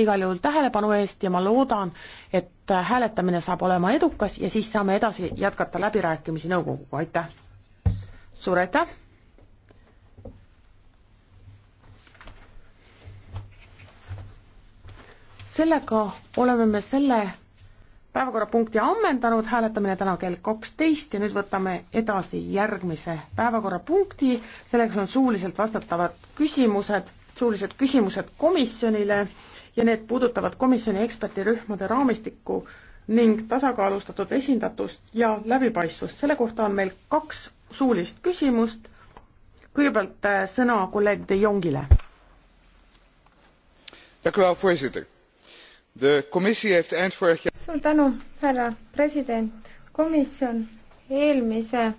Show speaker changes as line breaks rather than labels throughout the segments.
igal juhul tähelepanu eest ja ma loodan, et hääletamine saab olema edukas ja siis saame edasi jätkata läbirääkimisi nõukoguga, aitäh! suur aitäh! sellega oleme me selle päevakorrapunkti ammendanud, hääletamine täna kell kaksteist ja nüüd võtame edasi järgmise päevakorrapunkti, selleks on suuliselt vastatavad küsimused, suulised küsimused komisjonile ja need puudutavad komisjoni eksperdirühmade raamistikku ning tasakaalustatud esindatust ja läbipaistvust. selle kohta on meil kaks suulist küsimust. kõigepealt äh, sõna kolleeg De Jongile.
suur tänu, härra president. komisjon eelmise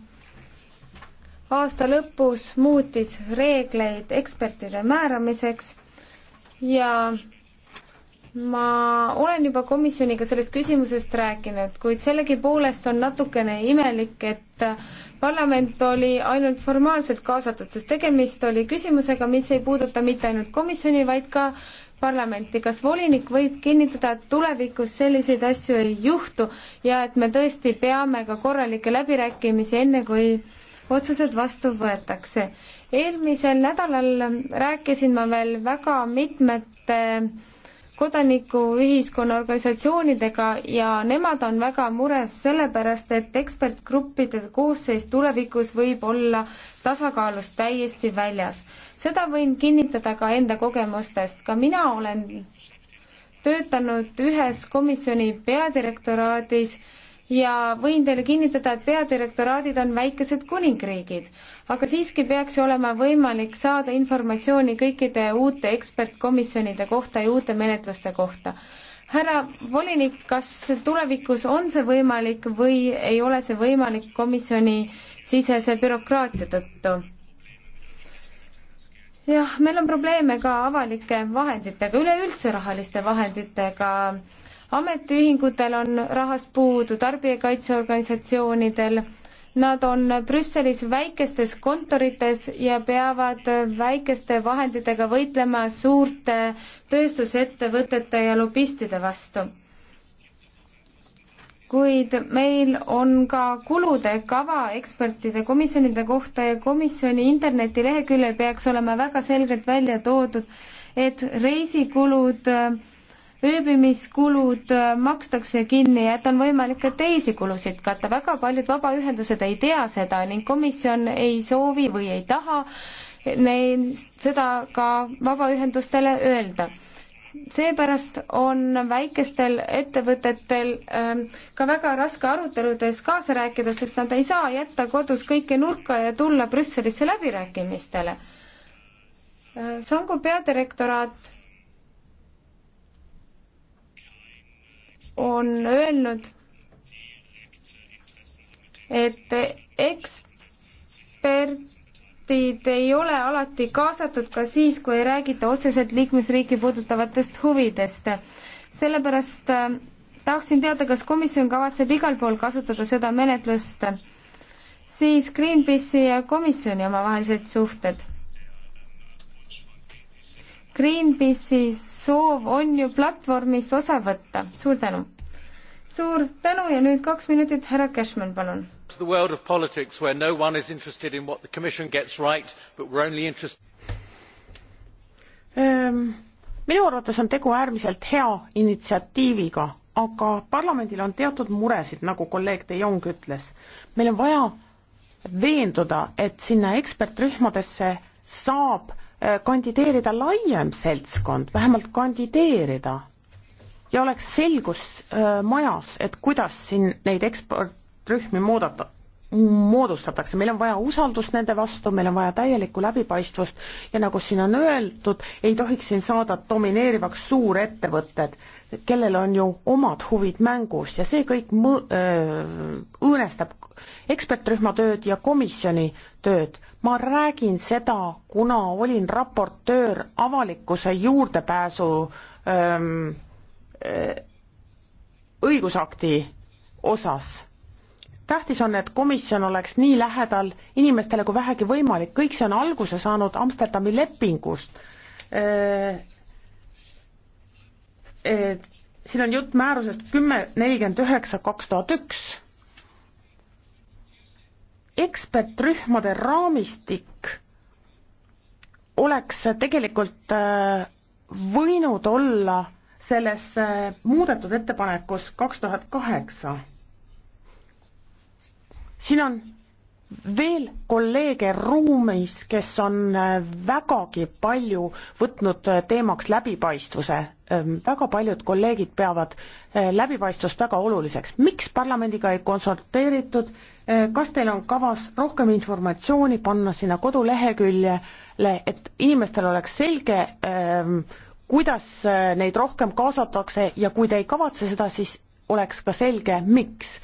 aasta lõpus muutis reegleid ekspertide määramiseks ja ma olen juba komisjoniga sellest küsimusest rääkinud, kuid sellegipoolest on natukene imelik, et parlament oli ainult formaalselt kaasatud, sest tegemist oli küsimusega, mis ei puuduta mitte ainult komisjoni, vaid ka parlamenti. kas volinik võib kinnitada, et tulevikus selliseid asju ei juhtu ja et me tõesti peame ka korralikke läbirääkimisi, enne kui otsused vastu võetakse? eelmisel nädalal rääkisin ma veel väga mitmete äh, kodanikuühiskonna organisatsioonidega ja nemad on väga mures sellepärast, et ekspertgruppide koosseis tulevikus võib olla tasakaalust täiesti väljas. seda võin kinnitada ka enda kogemustest, ka mina olen töötanud ühes komisjoni peadirektoraadis, ja võin teile kinnitada, et peadirektoraadid on väikesed kuningriigid, aga siiski peaks olema võimalik saada informatsiooni kõikide uute ekspertkomisjonide kohta ja uute menetluste kohta. härra volinik, kas tulevikus on see võimalik või ei ole see võimalik komisjoni sisese bürokraatia tõttu? jah, meil on probleeme ka avalike vahenditega, üleüldse rahaliste vahenditega ametiühingutel on rahast puudu, tarbijakaitseorganisatsioonidel, nad on Brüsselis väikestes kontorites ja peavad väikeste vahenditega võitlema suurte tööstusettevõtete ja lobistide vastu. kuid meil on ka kulude kava ekspertide komisjonide kohta ja komisjoni internetileheküljel peaks olema väga selgelt välja toodud, et reisikulud äh, ööbimiskulud äh, makstakse kinni ja et on võimalik ka teisi kulusid katta. väga paljud vabaühendused ei tea seda ning komisjon ei soovi või ei taha neil seda ka vabaühendustele öelda. seepärast on väikestel ettevõtetel ähm, ka väga raske aruteludes kaasa rääkida, sest nad ei saa jätta kodus kõike nurka ja tulla Brüsselisse läbirääkimistele. Äh, Sango peadirektoraat on öelnud, et ekspertid ei ole alati kaasatud ka siis, kui ei räägita otseselt liikmesriiki puudutavatest huvidest. sellepärast äh, tahtsin teada, kas komisjon kavatseb igal pool kasutada seda menetlust, siis Greenpeace'i ja komisjoni omavahelised suhted Greenpeace'i soov on ju platvormist osa võtta. suur tänu! suur tänu ja nüüd kaks minutit, härra Cashman, palun!
to the world of politics where no one is interested in what the commission gets right but we are only interested ehm, minu arvates on tegu äärmiselt hea initsiatiiviga, aga parlamendil on teatud muresid, nagu kolleeg De Jong ütles. meil on vaja veenduda, et sinna ekspertrühmadesse saab äh, kandideerida laiem seltskond, vähemalt kandideerida ja oleks selgus äh, majas, et kuidas siin neid ekspertrühmi moodata, moodustatakse, meil on vaja usaldust nende vastu, meil on vaja täielikku läbipaistvust ja nagu siin on öeldud, ei tohiks siin saada domineerivaks suurettevõtted kellel on ju omad huvid mängus ja see kõik mõ-, äh, õõnestab ekspertrühma tööd ja komisjoni tööd. ma räägin seda, kuna olin raportöör avalikkuse juurdepääsu öö, ähm, äh, õigusakti osas. tähtis on, et komisjon oleks nii lähedal inimestele kui vähegi võimalik, kõik see on alguse saanud Amsterdami lepingust öö, äh, et siin on jutt määrusest kümme nelikümmend üheksa kaks tuhat üks, ekspertrühmade raamistik oleks tegelikult äh, võinud olla selles äh, muudetud ettepanekus kaks tuhat kaheksa. siin on veel kolleege ruumis, kes on äh, vägagi palju võtnud äh, teemaks läbipaistvuse. Ähm, väga paljud kolleegid peavad äh, läbipaistvust väga oluliseks. miks parlamendiga ei konsulteeritud, kas teil on kavas rohkem informatsiooni panna sinna koduleheküljele, et inimestel oleks selge, ähm, kuidas neid rohkem kaasatakse ja kui te ei kavatse seda, siis oleks ka selge, miks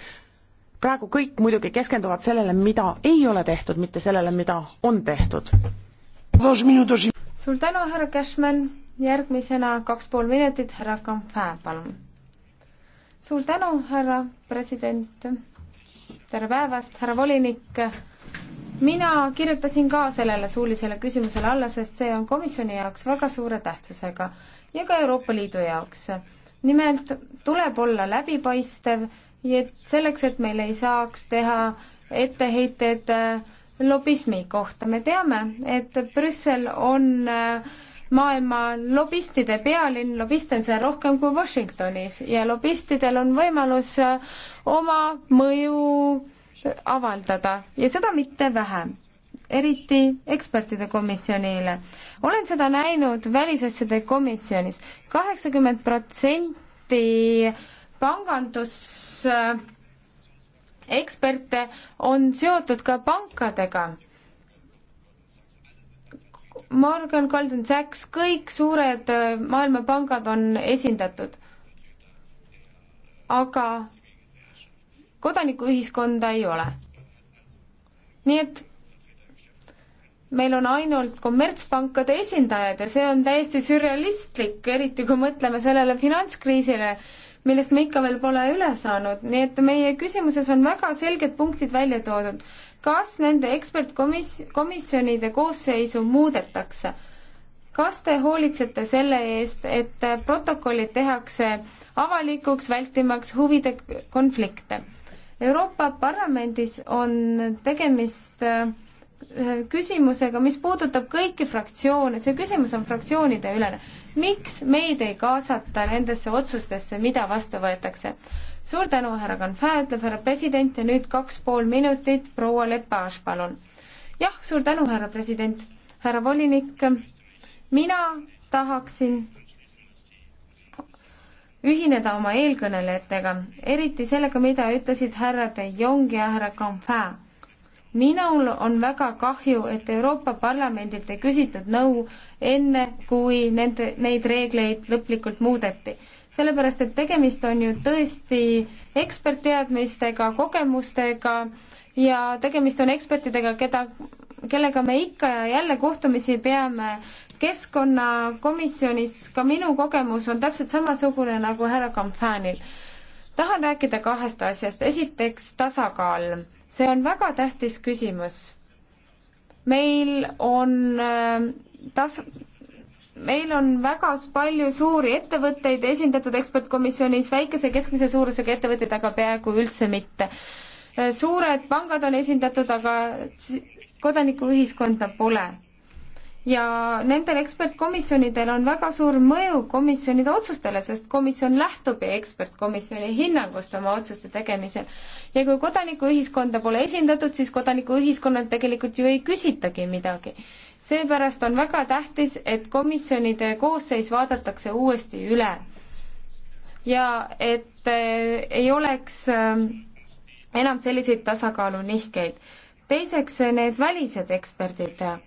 praegu kõik muidugi keskenduvad sellele, mida ei ole tehtud, mitte sellele, mida on tehtud.
suur tänu, härra Cashman, järgmisena kaks pool minutit, härra Kampää, palun. suur tänu, härra president, tere päevast, härra volinik, mina kirjutasin ka sellele suulisele küsimusele alla, sest see on komisjoni jaoks väga suure tähtsusega ja ka Euroopa Liidu jaoks nimelt tuleb olla läbipaistev et selleks, et meil ei saaks teha etteheited äh, lobismi kohta, me teame, et Brüssel on äh, maailma lobistide pealinn, lobiste on seal rohkem kui Washingtonis ja lobistidel on võimalus äh, oma mõju avaldada ja seda mitte vähe eriti ekspertide komisjonile. olen seda näinud välisasjade komisjonis, kaheksakümmend protsenti panganduseksperte äh, on seotud ka pankadega. Morgan, Golden Sachs, kõik suured äh, maailmapangad on esindatud. aga kodanikuühiskonda ei ole. nii et meil on ainult kommertspankade esindajad ja see on täiesti sürrealistlik, eriti kui mõtleme sellele finantskriisile, millest me ikka veel pole üle saanud, nii et meie küsimuses on väga selged punktid välja toodud. kas nende ekspertkomis-, komisjonide koosseisu muudetakse? kas te hoolitsete selle eest, et protokollid tehakse avalikuks, vältimaks huvide konflikte? Euroopa Parlamendis on tegemist äh, küsimusega, mis puudutab kõiki fraktsioone, see küsimus on fraktsioonide ülene. miks meid ei kaasata nendesse otsustesse, mida vastu võetakse? suur tänu, härra Canfä, ütleb härra president ja nüüd kaks pool minutit, proua Lepage, palun. jah, suur tänu, härra president, härra volinik, mina tahaksin ühineda oma eelkõnelejatega, eriti sellega, mida ütlesid härra De Jong ja härra Canfä minul on väga kahju, et Euroopa Parlamendilt ei küsitud nõu enne, kui nende, neid reegleid lõplikult muudeti. sellepärast, et tegemist on ju tõesti ekspertteadmistega, kogemustega ja tegemist on ekspertidega, keda, kellega me ikka ja jälle kohtumisi peame. keskkonnakomisjonis ka minu kogemus on täpselt samasugune nagu härra Kampfäänil. tahan rääkida kahest asjast, esiteks tasakaal see on väga tähtis küsimus. meil on äh, tas-, meil on väga palju suuri ettevõtteid esindatud ekspertkomisjonis, väikese keskmise suurusega ettevõtteid aga peaaegu üldse mitte. Äh, suured pangad on esindatud, aga kodanikuühiskonda pole ja nendel ekspertkomisjonidel on väga suur mõju komisjonide otsustele, sest komisjon lähtub ekspertkomisjoni hinnangust oma otsuste tegemisel. ja kui kodanikuühiskonda pole esindatud, siis kodanikuühiskonnalt tegelikult ju ei küsitagi midagi. seepärast on väga tähtis, et komisjonide koosseis vaadatakse uuesti üle. ja et äh, ei oleks äh, enam selliseid tasakaalunihkeid. teiseks, äh, need välised eksperdid äh,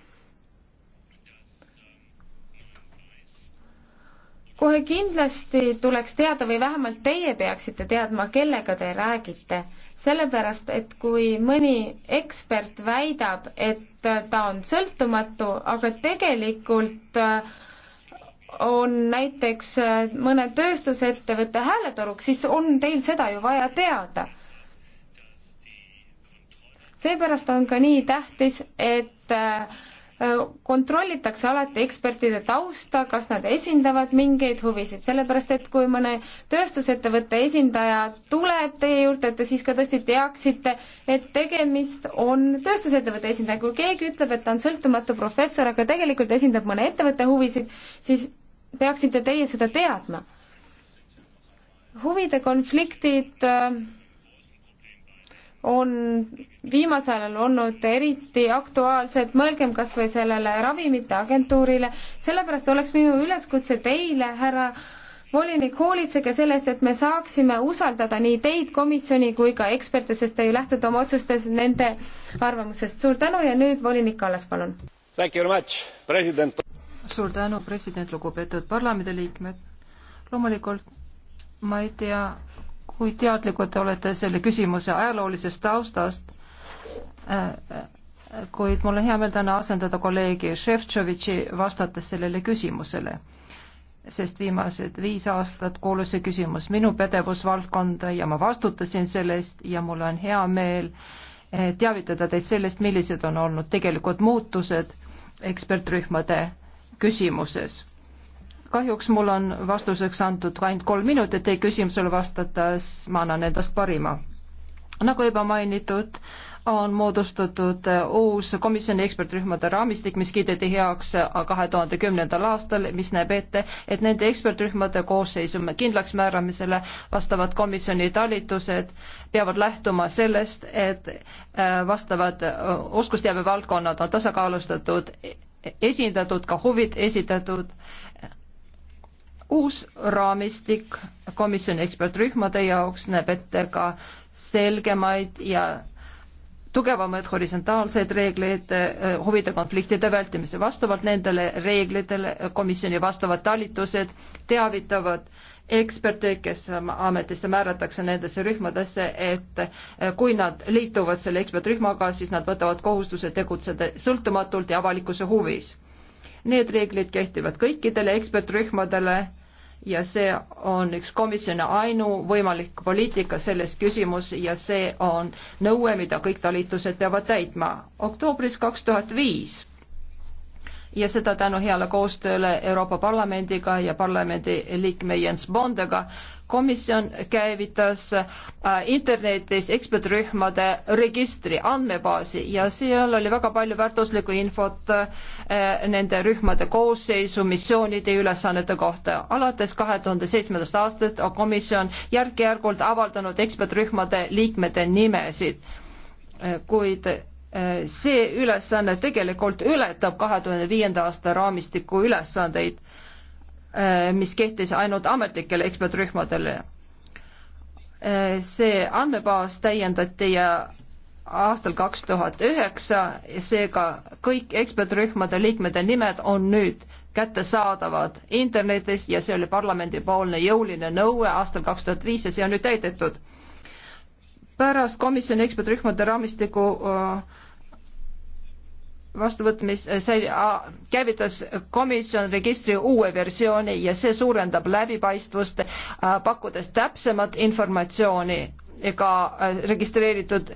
kohe kindlasti tuleks teada või vähemalt teie peaksite teadma, kellega te räägite. sellepärast, et kui mõni ekspert väidab, et ta on sõltumatu, aga tegelikult äh, on näiteks äh, mõne tööstusettevõtte hääletoruks, siis on teil seda ju vaja teada. seepärast on ka nii tähtis, et äh, Äh, kontrollitakse alati ekspertide tausta, kas nad esindavad mingeid huvisid, sellepärast et kui mõne tööstusettevõtte esindaja tuleb teie juurde, et te siis ka tõesti teaksite, et tegemist on tööstusettevõtte esindaja, kui keegi ütleb, et ta on sõltumatu professor, aga tegelikult esindab mõne ettevõtte huvisid, siis peaksite teie seda teadma. huvide konfliktid äh, on viimasel ajal olnud eriti aktuaalsed, mõelgem kas või sellele ravimite agentuurile, sellepärast oleks minu üleskutse teile, härra volinik, hoolitsege selle eest, et me saaksime usaldada nii teid, komisjoni kui ka eksperte, sest te ju lähtute oma otsustes nende arvamusest. suur tänu ja nüüd volinik Kallas, palun.
suur tänu, president, lugupeetud parlamendiliikmed. loomulikult ma ei tea, kui teadlikud te olete selle küsimuse ajaloolisest taustast, äh, äh, kuid mul on hea meel täna asendada kolleegi Šefčovitši, vastates sellele küsimusele. sest viimased viis aastat kuulus see küsimus minu pädevusvaldkonda ja ma vastutasin selle eest ja mul on hea meel äh, teavitada teid sellest, millised on olnud tegelikud muutused ekspertrühmade küsimuses kahjuks mul on vastuseks antud ainult kolm minutit teie küsimusele vastates, ma annan endast parima. nagu juba mainitud, on moodustatud uus komisjoni ekspertrühmade raamistik, mis kiideti heaks kahe tuhande kümnendal aastal, mis näeb ette, et nende ekspertrühmade koosseisu kindlaksmääramisele vastavad komisjoni talitused peavad lähtuma sellest, et äh, vastavad äh, oskusteabe valdkonnad on tasakaalustatud, esindatud, ka huvid esitatud uus raamistik komisjoni ekspertrühmade jaoks näeb ette ka selgemaid ja tugevamaid horisontaalseid reegleid eh, huvide konfliktide vältimise. vastavalt nendele reeglitele komisjoni vastavad talitused teavitavad eksperte, kes ametisse määratakse nendesse rühmadesse, et eh, kui nad liituvad selle ekspertrühmaga, siis nad võtavad kohustuse tegutseda sõltumatult ja avalikkuse huvis Need reeglid kehtivad kõikidele ekspertrühmadele ja see on üks komisjoni ainuvõimalik poliitika selles küsimus ja see on nõue, mida kõik talitused peavad täitma. oktoobris kaks tuhat viis ja seda tänu heale koostööle Euroopa Parlamendiga ja parlamendi liikme Jens Bondega. komisjon käivitas äh, internetis ekspertrühmade registri andmebaasi ja seal oli väga palju väärtuslikku infot äh, nende rühmade koosseisu, missioonide ja ülesannete kohta. alates kahe tuhande seitsmendast aastast on komisjon järk-järgult avaldanud ekspertrühmade liikmete nimesid, äh, kuid see ülesanne tegelikult ületab kahe tuhande viienda aasta raamistiku ülesandeid, mis kehtis ainult ametlikele ekspertrühmadele. see andmebaas täiendati ja aastal kaks tuhat üheksa, seega kõik ekspertrühmade liikmete nimed on nüüd kättesaadavad internetis ja see oli parlamendipoolne jõuline nõue aastal kaks tuhat viis ja see on nüüd täidetud pärast komisjoni ekspertrühmade raamistiku äh, vastuvõtmist äh, äh, käivitas komisjon registri uue versiooni ja see suurendab läbipaistvust, pakkudes täpsemat informatsiooni ka registreeritud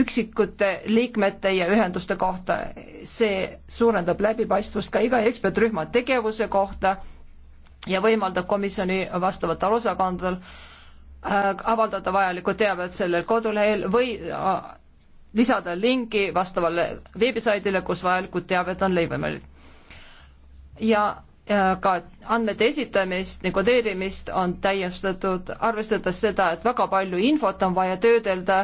üksikute liikmete ja ühenduste kohta. see suurendab läbipaistvust ka iga ekspertrühma tegevuse kohta ja võimaldab komisjoni vastavatel osakondadel äh, Äh, avaldada vajalikku teavet sellel kodulehel või äh, lisada lingi vastavale veebisaidile, kus vajalikud teavet on võimalik. ja äh, ka andmete esitamist ja kodeerimist on täiustatud, arvestades seda, et väga palju infot on vaja töödelda,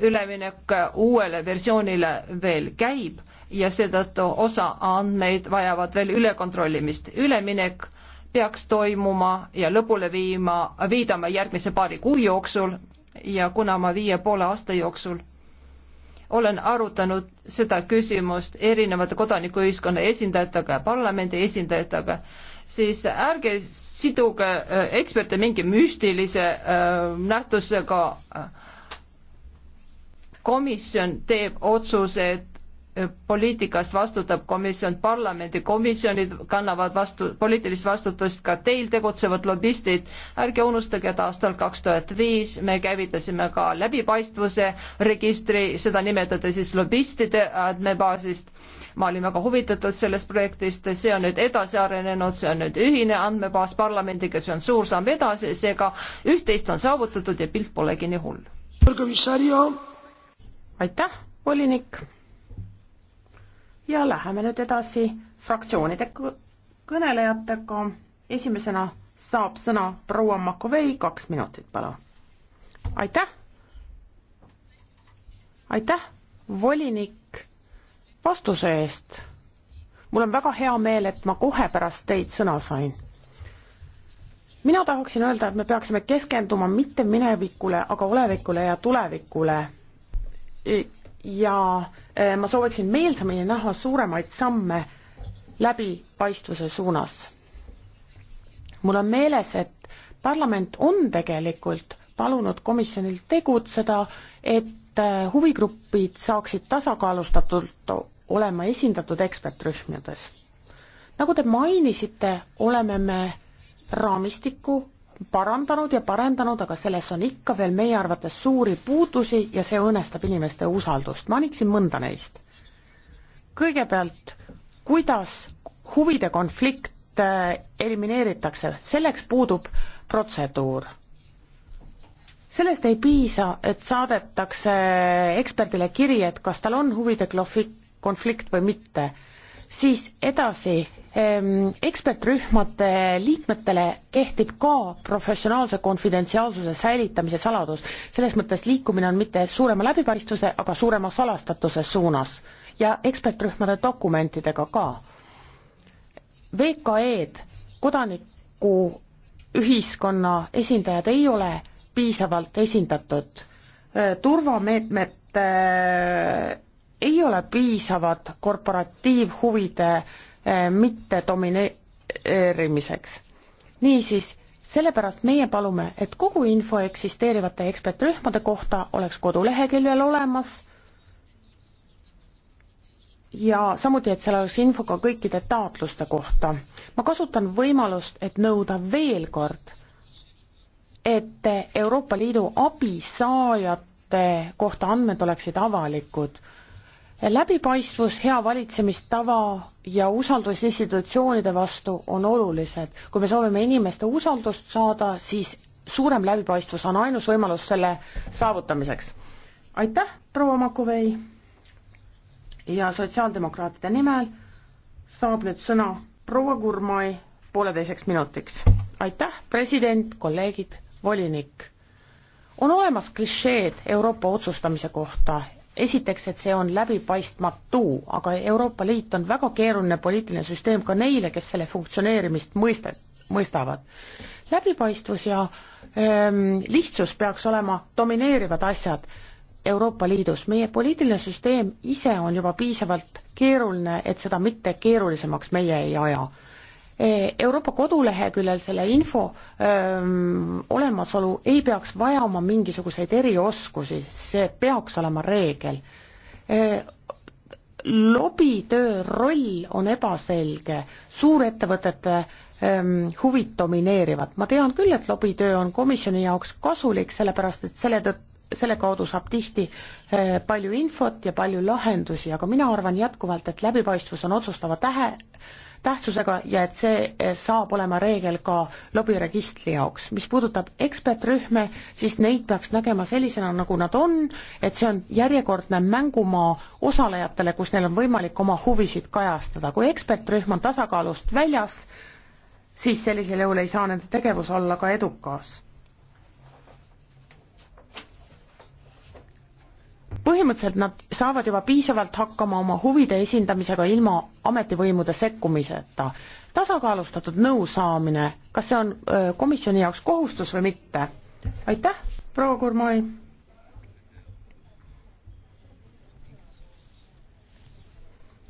üleminek uuele versioonile veel käib ja seetõttu osa andmeid vajavad veel ülekontrollimist. üleminek peaks toimuma ja lõpule viima, viidama järgmise paari kuu jooksul ja kuna ma viie poole aasta jooksul olen arutanud seda küsimust erinevate kodanikuühiskonna esindajatega ja parlamendi esindajatega, siis ärge siduge äh, eksperte mingi müstilise äh, nähtusega. komisjon teeb otsused poliitikast vastutab komisjon, parlamendi komisjonid kannavad vastu, poliitilist vastutust, ka teil tegutsevad lobistid. ärge unustage, et aastal kaks tuhat viis me käivitasime ka läbipaistvuse registri, seda nimetada siis lobistide andmebaasist. ma olin väga huvitatud sellest projektist, see on nüüd edasi arenenud, see on nüüd ühine andmebaas parlamendiga, see on suur samm edasi, seega üht-teist on saavutatud ja pilt polegi nii hull.
aitäh, volinik ja läheme nüüd edasi fraktsioonide kõnelejatega. esimesena saab sõna proua Makovei, kaks minutit, palun. aitäh. aitäh, volinik, vastuse eest. mul on väga hea meel, et ma kohe pärast teid sõna sain. mina tahaksin öelda, et me peaksime keskenduma mitte minevikule, aga olevikule ja tulevikule. E, ja Äh, ma sooviksin meelsamini näha suuremaid samme läbipaistvuse suunas. mul on meeles, et parlament on tegelikult palunud komisjonil tegutseda, et äh, huvigrupid saaksid tasakaalustatult olema esindatud ekspertrühmades. nagu te mainisite, oleme me raamistiku parandanud ja parendanud, aga selles on ikka veel meie arvates suuri puudusi ja see õõnestab inimeste usaldust. ma annaksin mõnda neist. kõigepealt, kuidas huvide konflikt eh, elimineeritakse, selleks puudub protseduur. sellest ei piisa, et saadetakse eksperdile kiri, et kas tal on huvide konflikt või mitte siis edasi, ehm, ekspertrühmade liikmetele kehtib ka professionaalse konfidentsiaalsuse säilitamise saladus. selles mõttes liikumine on mitte suurema läbipaistvuse, aga suurema salastatuse suunas ja ekspertrühmade dokumentidega ka. VKE-d, kodanikuühiskonna esindajad ei ole piisavalt esindatud, ehm, turvameetmed ei ole piisavad korporatiivhuvide eh, mittedomineerimiseks. niisiis, sellepärast meie palume, et kogu info eksisteerivate ekspertrühmade kohta oleks koduleheküljel olemas ja samuti, et seal oleks info ka kõikide taotluste kohta. ma kasutan võimalust, et nõuda veel kord, et Euroopa Liidu abisaajate kohta andmed oleksid avalikud läbipaistvus, hea valitsemistava ja usaldus institutsioonide vastu on olulised. kui me soovime inimeste usaldust saada, siis suurem läbipaistvus on ainus võimalus selle saavutamiseks. aitäh, proua Makovei! ja sotsiaaldemokraatide nimel saab nüüd sõna proua Kurmai pooleteiseks minutiks. aitäh, president, kolleegid, volinik! on olemas klišeed Euroopa otsustamise kohta, esiteks, et see on läbipaistmatu, aga Euroopa Liit on väga keeruline poliitiline süsteem ka neile, kes selle funktsioneerimist mõiste, mõistavad. läbipaistvus ja ähm, lihtsus peaks olema domineerivad asjad Euroopa Liidus, meie poliitiline süsteem ise on juba piisavalt keeruline, et seda mitte keerulisemaks meie ei aja Eh, Euroopa koduleheküljel selle info öö, ehm, olemasolu ei peaks vajama mingisuguseid erioskusi, see peaks olema reegel. Eh, lobitöö roll on ebaselge, suurettevõtete ehm, huvid domineerivad, ma tean küll, et lobitöö on komisjoni jaoks kasulik, sellepärast et selle tõttu selle kaudu saab tihti eh, palju infot ja palju lahendusi, aga mina arvan jätkuvalt, et läbipaistvus on otsustava tähe, tähtsusega ja et see saab olema reegel ka lobiregistri jaoks. mis puudutab ekspertrühme, siis neid peaks nägema sellisena, nagu nad on, et see on järjekordne mängumaa osalejatele, kus neil on võimalik oma huvisid kajastada. kui ekspertrühm on tasakaalust väljas, siis sellisel juhul ei saa nende tegevus olla ka edukas põhimõtteliselt nad saavad juba piisavalt hakkama oma huvide esindamisega ilma ametivõimude sekkumiseta. tasakaalustatud nõusaamine, kas see on öö, komisjoni jaoks kohustus või mitte? aitäh, proua Kurmai.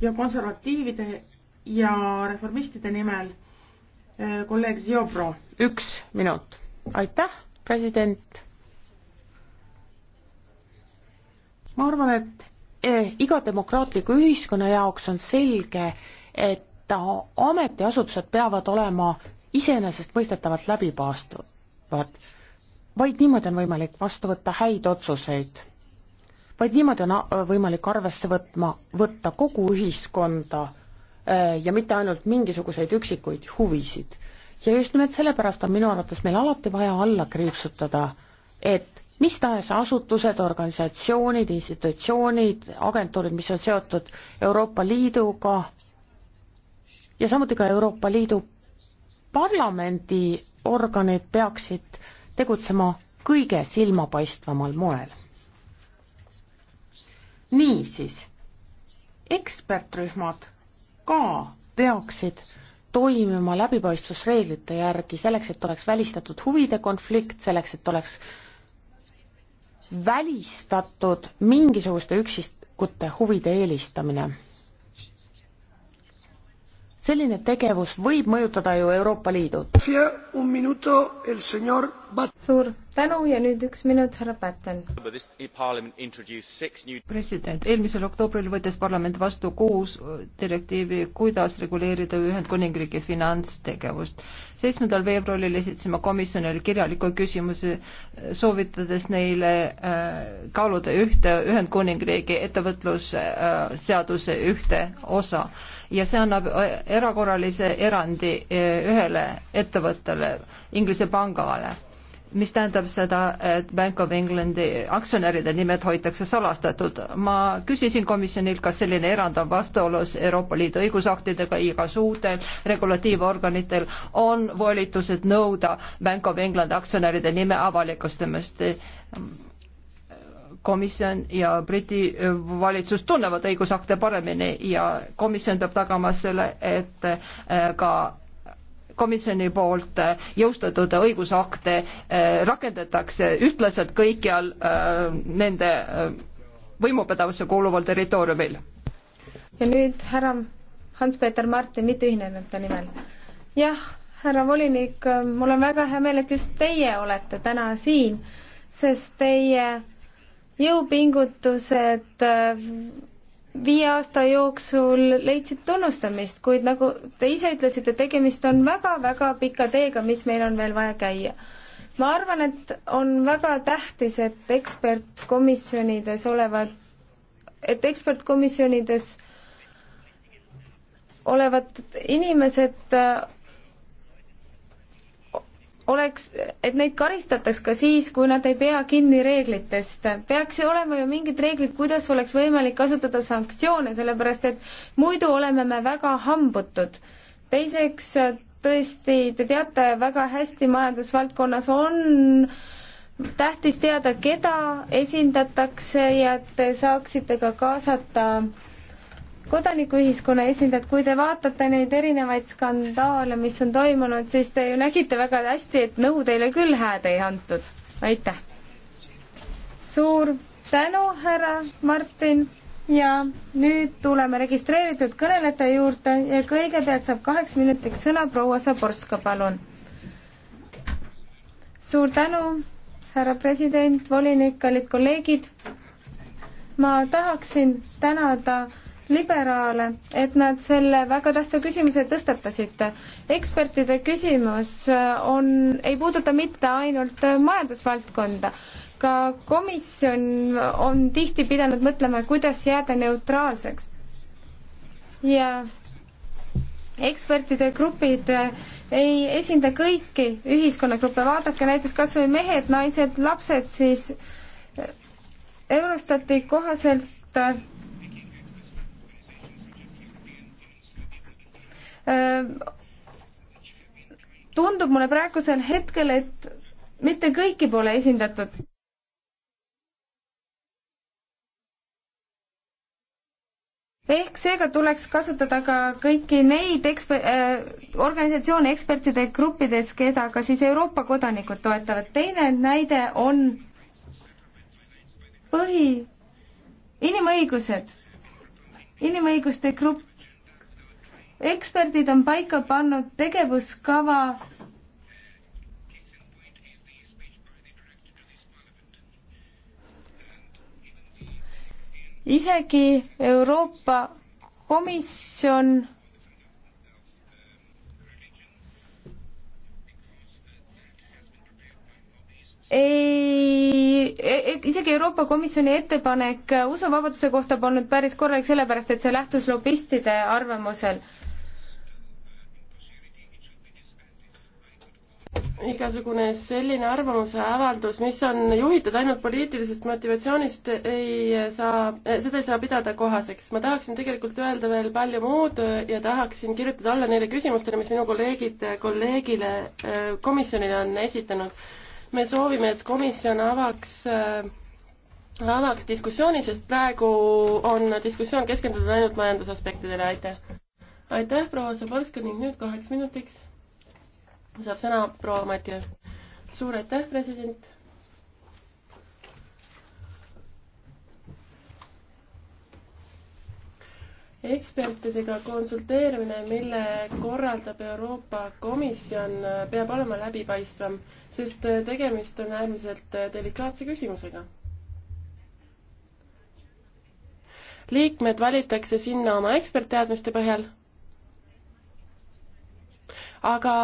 ja konservatiivide ja reformistide nimel kolleeg Ziobro, üks minut. aitäh, president ma arvan, et eh, iga demokraatliku ühiskonna jaoks on selge, et ametiasutused peavad olema iseenesestmõistetavalt läbipaistvad. vaid niimoodi on võimalik vastu võtta häid otsuseid. vaid niimoodi on äh, võimalik arvesse võtma, võtta kogu ühiskonda äh, ja mitte ainult mingisuguseid üksikuid huvisid. ja just nimelt sellepärast on minu arvates meil alati vaja alla kriipsutada, et mis tahes asutused, organisatsioonid, institutsioonid, agentuurid, mis on seotud Euroopa Liiduga ja samuti ka Euroopa Liidu parlamendi organid peaksid tegutsema kõige silmapaistvamal moel. niisiis, ekspertrühmad ka peaksid toimima läbipaistvusreeglite järgi selleks, et oleks välistatud huvide konflikt, selleks, et oleks äh, välistatud mingisuguste üksiskute huvide eelistamine. selline tegevus võib mõjutada ju Euroopa Liidu.
But... suur tänu ja nüüd üks minut, härra Patten. president, eelmisel oktoobril võttis parlament vastu kuus äh, direktiivi, kuidas reguleerida Ühendkuningriigi finantstegevust. seitsmendal veebruaril esitasime komisjonile kirjaliku küsimuse, äh, soovitades neile äh, kaaluda ühte Ühendkuningriigi ettevõtlusseaduse äh, ühte osa ja see annab äh, erakorralise erandi äh, ühele ettevõttele, Inglise pangale mis tähendab seda, et Bank of Englandi aktsionäride nimed hoitakse salastatud. ma küsisin komisjonilt, kas selline erand on vastuolus Euroopa Liidu õigusaktidega, igas uutel regulatiivorganitel on volitused nõuda Bank of Englandi aktsionäride nime avalikustamist. komisjon ja Briti valitsus tunnevad õigusakte paremini ja komisjon peab tagama selle, et ka komisjoni poolt äh, jõustatud õigusakte äh, rakendatakse ühtlaselt kõikjal äh, nende võimupädevusse kuuluval territooriumil.
ja nüüd härra Hans-Peeter Martin mitteühinenute nimel. jah, härra volinik, mul on väga hea meel, et just teie olete täna siin, sest teie jõupingutused viie aasta jooksul leidsid tunnustamist, kuid nagu te ise ütlesite, tegemist on väga-väga pika teega, mis meil on veel vaja käia. ma arvan, et on väga tähtis, et ekspertkomisjonides olevad, et ekspertkomisjonides olevad inimesed oleks, et neid karistataks ka siis, kui nad ei pea kinni reeglitest. peaks ju olema ju mingid reeglid, kuidas oleks võimalik kasutada sanktsioone, sellepärast et muidu oleme me väga hambutud. teiseks, tõesti, te teate väga hästi, majandusvaldkonnas on tähtis teada, keda esindatakse ja et te saaksite ka kaasata äh, kodanikuühiskonna esindajad, kui te vaatate neid erinevaid skandaale, mis on toimunud, siis te ju nägite väga hästi, et nõu teile küll hääd ei antud. aitäh! suur tänu, härra Martin ja nüüd tuleme registreeritud kõnelejate juurde ja kõigepealt saab kaheks minutiks sõna proua Saborska, palun. suur tänu, härra president, volinik, kallid kolleegid. ma tahaksin tänada liberaale, et nad selle väga tähtsa küsimuse tõstatasid. ekspertide küsimus äh, on, ei puuduta mitte ainult äh, majandusvaldkonda, ka komisjon on tihti pidanud mõtlema, kuidas jääda neutraalseks. ja ekspertide grupid äh, ei esinda kõiki ühiskonnagruppe, vaadake näiteks kas või mehed, naised, lapsed, siis Eurostati kohaselt Äh, tundub mulle praegusel hetkel, et mitte kõiki pole esindatud. ehk seega tuleks kasutada ka kõiki neid eksper- äh,, organisatsioone ekspertide gruppides, keda ka siis Euroopa kodanikud toetavad. teine näide on põhi, inimõigused, inimõiguste grupp, eksperdid on paika pannud tegevuskava isegi Euroopa Komisjon ei, e-, isegi Euroopa Komisjoni ettepanek usuvabaduse kohta polnud päris korralik, sellepärast et see lähtus lobistide arvamusel
igasugune selline arvamuse avaldus, mis on juhitud ainult poliitilisest motivatsioonist, ei saa, seda ei saa pidada kohaseks. ma tahaksin tegelikult öelda veel palju muud ja tahaksin kirjutada alla neile küsimustele, mis minu kolleegid kolleegile, äh, komisjonile on esitanud. me soovime, et komisjon avaks äh, avaks diskussiooni, sest praegu on diskussioon keskendunud ainult majandusaspektidele, aitäh! aitäh, proua Zaborska ning nüüd kaheks minutiks saab sõna proua Matje. suur aitäh, president. ekspertidega konsulteerimine, mille korraldab Euroopa Komisjon, peab olema läbipaistvam, sest tegemist on äärmiselt delikaatse küsimusega. liikmed valitakse sinna oma ekspertteadmiste põhjal, aga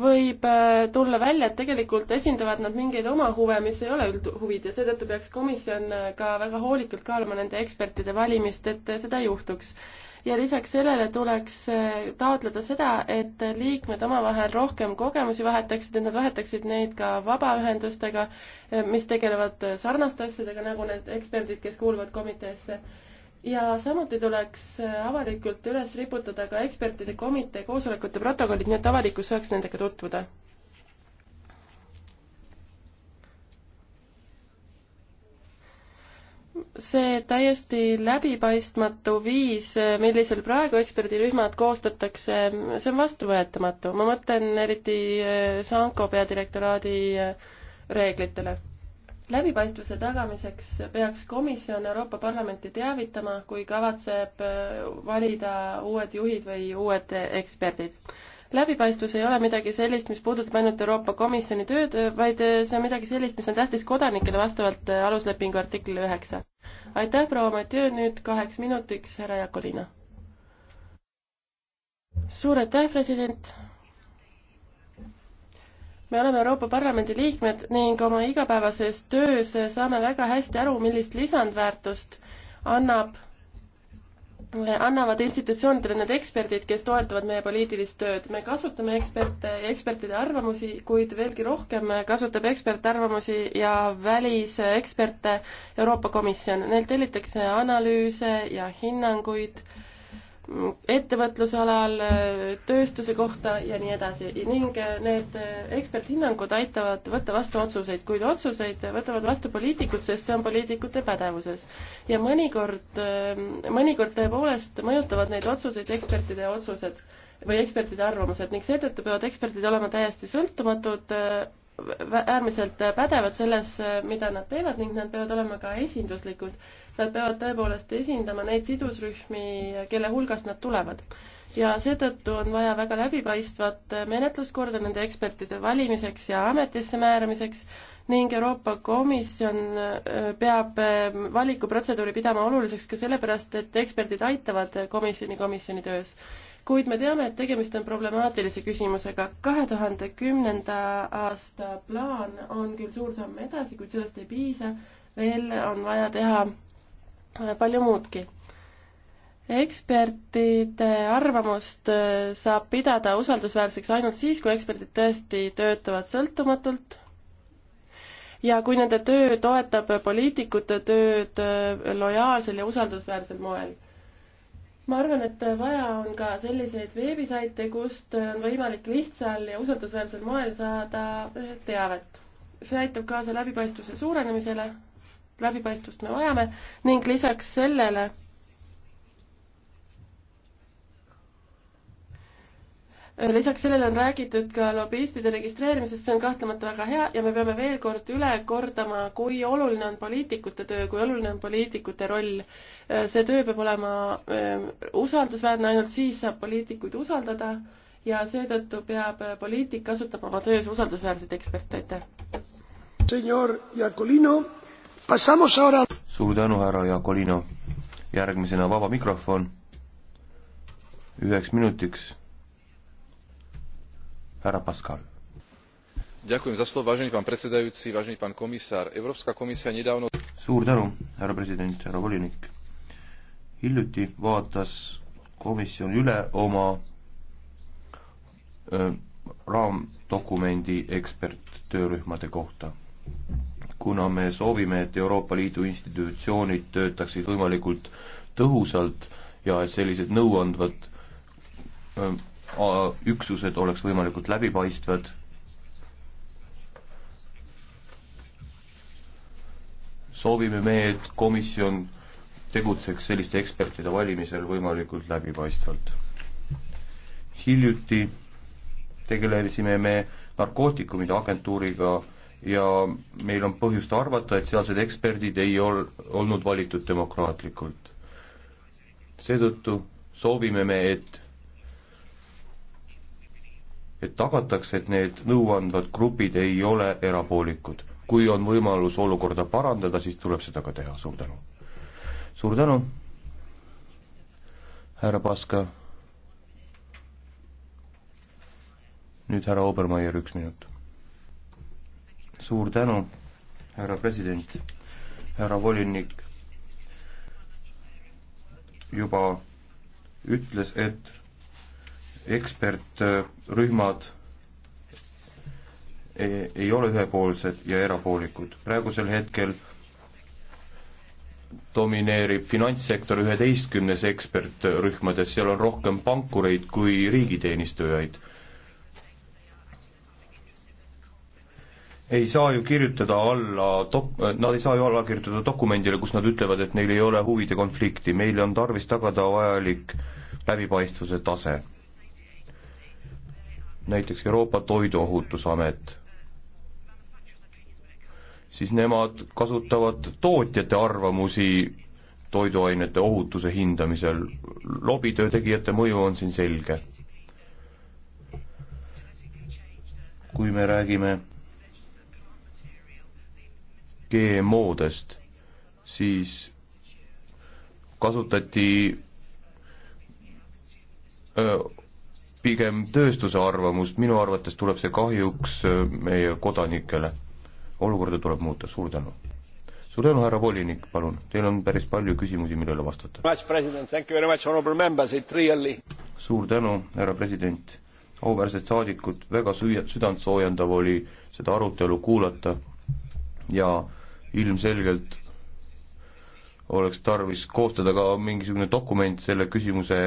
võib äh, tulla välja, et tegelikult esindavad nad mingeid oma huve, mis ei ole üldhuvid ja seetõttu peaks komisjon äh, ka väga hoolikalt kaaluma nende ekspertide valimist, et äh, seda ei juhtuks. ja lisaks sellele tuleks taotleda seda, et liikmed omavahel rohkem kogemusi vahetaksid, et nad vahetaksid neid ka vabaühendustega, mis tegelevad sarnaste asjadega, nagu need eksperdid, kes kuuluvad komiteesse ja samuti tuleks äh, avalikult üles riputada ka ekspertide komitee koosolekute protokollid, nii et avalikkus saaks nendega tutvuda. see täiesti läbipaistmatu viis, äh, millisel praegu eksperdirühmad koostatakse, äh, see on vastuvõetamatu. ma mõtlen eriti Sanko peadirektoraadi reeglitele läbipaistvuse tagamiseks peaks komisjon Euroopa Parlamenti teavitama, kui kavatseb äh, valida uued juhid või uued eksperdid. läbipaistvus ei ole midagi sellist, mis puudutab ainult Euroopa Komisjoni tööd, vaid äh, see on midagi sellist, mis on tähtis kodanikele vastavalt äh, aluslepingu artiklile üheksa. aitäh, proua Matjöö, nüüd kaheks minutiks härra Jakolina. suur aitäh, president me oleme Euroopa Parlamendi liikmed ning oma igapäevases töös saame väga hästi aru, millist lisandväärtust annab, annavad institutsioonidele need eksperdid, kes toetavad meie poliitilist tööd. me kasutame eksperte ja ekspertide arvamusi, kuid veelgi rohkem kasutab ekspertarvamusi ja väliseksperte Euroopa Komisjon. Neilt tellitakse analüüse ja hinnanguid äh, ettevõtlusalal, tööstuse kohta ja nii edasi ning äh, need äh, eksperthinnangud aitavad võtta vastu otsuseid, kuid otsuseid võtavad vastu poliitikud, sest see on poliitikute pädevuses. ja mõnikord, ähm, mõnikord tõepoolest mõjutavad neid otsuseid ekspertide otsused või ekspertide arvamused ning seetõttu peavad eksperdid olema täiesti sõltumatud äh, äärmiselt pädevad selles, mida nad teevad ning nad peavad olema ka esinduslikud. Nad peavad tõepoolest esindama neid sidusrühmi, kelle hulgast nad tulevad. ja seetõttu on vaja väga läbipaistvat menetluskorda nende ekspertide valimiseks ja ametisse määramiseks ning Euroopa Komisjon äh, peab äh, valikuprotseduuri pidama oluliseks ka sellepärast, et eksperdid aitavad komisjoni komisjoni töös kuid me teame, et tegemist on problemaatilise küsimusega. kahe tuhande kümnenda aasta plaan on küll suur samm edasi, kuid sellest ei piisa. veel on vaja teha äh, palju muudki. ekspertide arvamust äh, saab pidada usaldusväärseks ainult siis, kui eksperdid tõesti töötavad sõltumatult ja kui nende töö toetab poliitikute tööd äh, lojaalsel ja usaldusväärsel moel ma arvan, et vaja on ka selliseid veebisaite, kust on võimalik lihtsal ja usaldusväärsel moel saada teavet. see aitab kaasa läbipaistvuse suurenemisele, läbipaistvust me vajame ning lisaks sellele lisaks sellele on räägitud ka lobistide registreerimisest, see on kahtlemata väga hea ja me peame veel kord üle kordama, kui oluline on poliitikute töö, kui oluline on poliitikute roll. see töö peab olema ehm, usaldusväärne, ainult siis saab poliitikuid usaldada ja seetõttu peab eh, poliitik kasutama oma töös usaldusväärseid eksperte, aitäh.
Senor Jakolino, passamos ahora. suur tänu, härra Jakolino. järgmisena vaba mikrofon. üheks minutiks härra Pascal európska komisia nedávno suur tänu härra president härra volinik hiljuti vaatas komisjon üle oma äh, raamdokumendi eksperttöörühmade kohta kuna me soovime et euroopa liidu institutsioonid töötaksid võimalikult tõhusalt ja et sellised nõuandvad äh, üksused oleks võimalikult läbipaistvad. soovime me, et komisjon tegutseks selliste ekspertide valimisel võimalikult läbipaistvalt. hiljuti tegelesime me narkootikumide agentuuriga ja meil on põhjust arvata, et sealsed eksperdid ei ol-, olnud valitud demokraatlikult. seetõttu soovime me, et et tagatakse, et need nõuandvad grupid ei ole erapoolikud. kui on võimalus olukorda parandada, siis tuleb seda ka teha, suur tänu. suur tänu, härra Paska. nüüd härra Obermeier, üks minut. suur tänu, härra president, härra volinik juba ütles, et ekspertrühmad ei, ei ole ühepoolsed ja erapoolikud. praegusel hetkel domineerib finantssektor üheteistkümnes ekspertrühmades, seal on rohkem pankureid kui riigiteenistujaid. ei saa ju kirjutada alla dok-, nad ei saa ju alla kirjutada dokumendile, kus nad ütlevad, et neil ei ole huvide konflikti, meil on tarvis tagada vajalik läbipaistvuse tase näiteks Euroopa Toiduohutusamet, siis nemad kasutavad tootjate arvamusi toiduainete ohutuse hindamisel, lobitöö tegijate mõju on siin selge. kui me räägime GMO-dest, siis kasutati öö, pigem tööstuse arvamust, minu arvates tuleb see kahjuks äh, meie kodanikele. olukorda tuleb muuta, suur tänu. suur tänu, härra volinik, palun, teil on päris palju küsimusi, millele vastata. Really... suur tänu, härra president, auväärsed saadikud, väga süüa-, südantsoojendav oli seda arutelu kuulata ja ilmselgelt oleks tarvis koostada ka mingisugune dokument selle küsimuse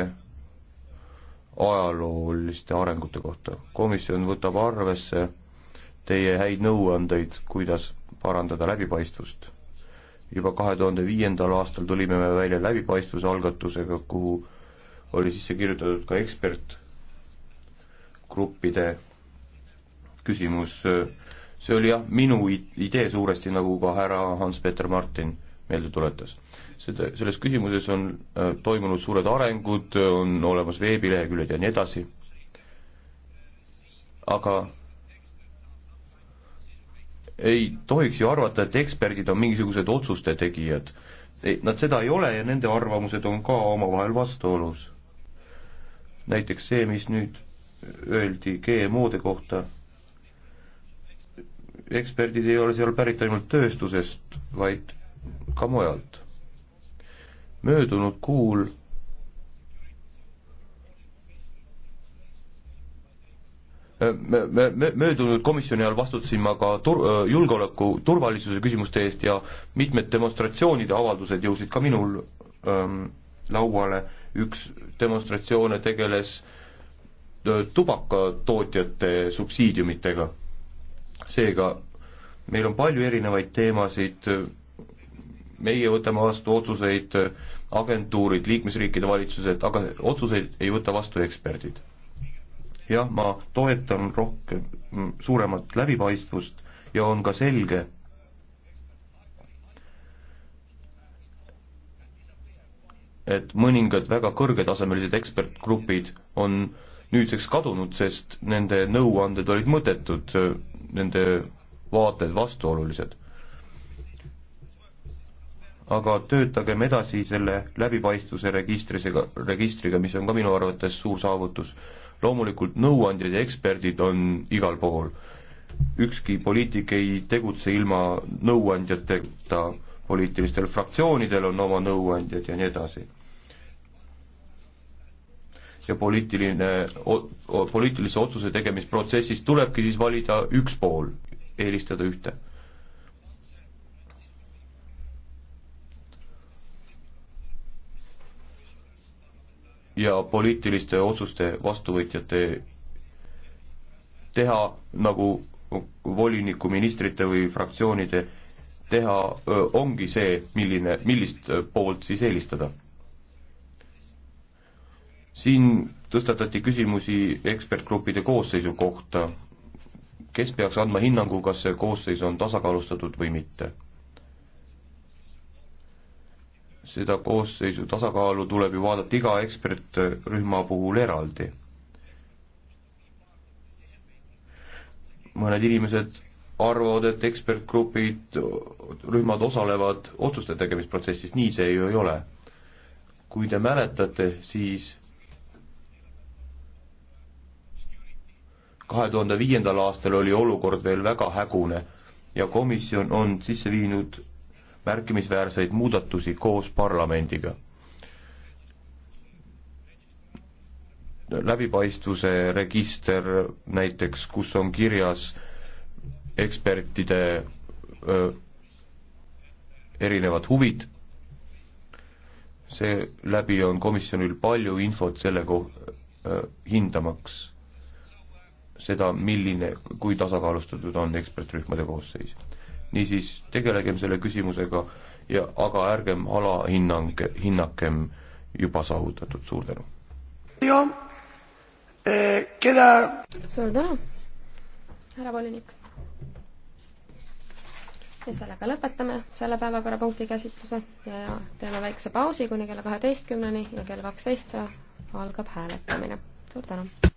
ajalooliste arengute kohta. komisjon võtab arvesse teie häid nõuandeid, kuidas parandada läbipaistvust. juba kahe tuhande viiendal aastal tulime me välja läbipaistvuse algatusega, kuhu oli sisse kirjutatud ka ekspertgruppide küsimus, see oli jah, minu idee suuresti, nagu ka härra Hans-Peter Martin meelde tuletas. seda, selles küsimuses on äh, toimunud suured arengud, on olemas veebileheküljed ja nii edasi, aga ei tohiks ju arvata, et eksperdid on mingisugused otsuste tegijad. Nad seda ei ole ja nende arvamused on ka omavahel vastuolus. näiteks see, mis nüüd öeldi GMO-de kohta, eksperdid ei ole seal pärit ainult tööstusest, vaid ka mujalt. möödunud kuul me, me, me, möödunud komisjoni ajal vastutasin ma ka tur-, julgeoleku, turvalisuse küsimuste eest ja mitmed demonstratsioonide avaldused jõudsid ka minul ähm, lauale, üks demonstratsioone tegeles tubakatootjate subsiidiumitega. seega meil on palju erinevaid teemasid, meie võtame vastu otsuseid, agentuurid, liikmesriikide valitsused, aga otsuseid ei võta vastu eksperdid. jah, ma toetan rohkem, mm, suuremat läbipaistvust ja on ka selge, et mõningad väga kõrgetasemelised ekspertgrupid on nüüdseks kadunud, sest nende nõuanded olid mõttetud, nende vaated vastuolulised aga töötagem edasi selle läbipaistvuse registrisega, registriga, mis on ka minu arvates suur saavutus. loomulikult nõuandjad ja eksperdid on igal pool. ükski poliitik ei tegutse ilma nõuandjateta, poliitilistel fraktsioonidel on oma nõuandjad ja nii edasi. ja poliitiline, poliitilise otsuse tegemisprotsessis tulebki siis valida üks pool, eelistada ühte ja poliitiliste otsuste vastuvõtjate teha, nagu voliniku, ministrite või fraktsioonide teha, ongi see, milline, millist poolt siis eelistada. siin tõstatati küsimusi ekspertgruppide koosseisu kohta, kes peaks andma hinnangu, kas see koosseis on tasakaalustatud või mitte seda koosseisu tasakaalu tuleb ju vaadata iga ekspertrühma puhul eraldi. mõned inimesed arvavad, et ekspertgrupid, rühmad osalevad otsuste tegemisprotsessis, nii see ju ei ole. kui te mäletate, siis kahe tuhande viiendal aastal oli olukord veel väga hägune ja komisjon on sisse viinud märkimisväärseid muudatusi koos parlamendiga. läbipaistvuse register näiteks, kus on kirjas ekspertide öö, erinevad huvid, seeläbi on komisjonil palju infot selle ko-, hindamaks seda, milline, kui tasakaalustatud on ekspertrühmade koosseis niisiis tegelegem selle küsimusega ja aga ärgem alahinnang, hinnakem juba saavutatud, suur tänu.
jah, e, keda suur tänu, härra volinik. ja sellega lõpetame selle päevakorrapunkti käsitluse ja teeme väikse pausi kuni kella kaheteistkümneni ja kell kaksteist algab hääletamine. suur tänu!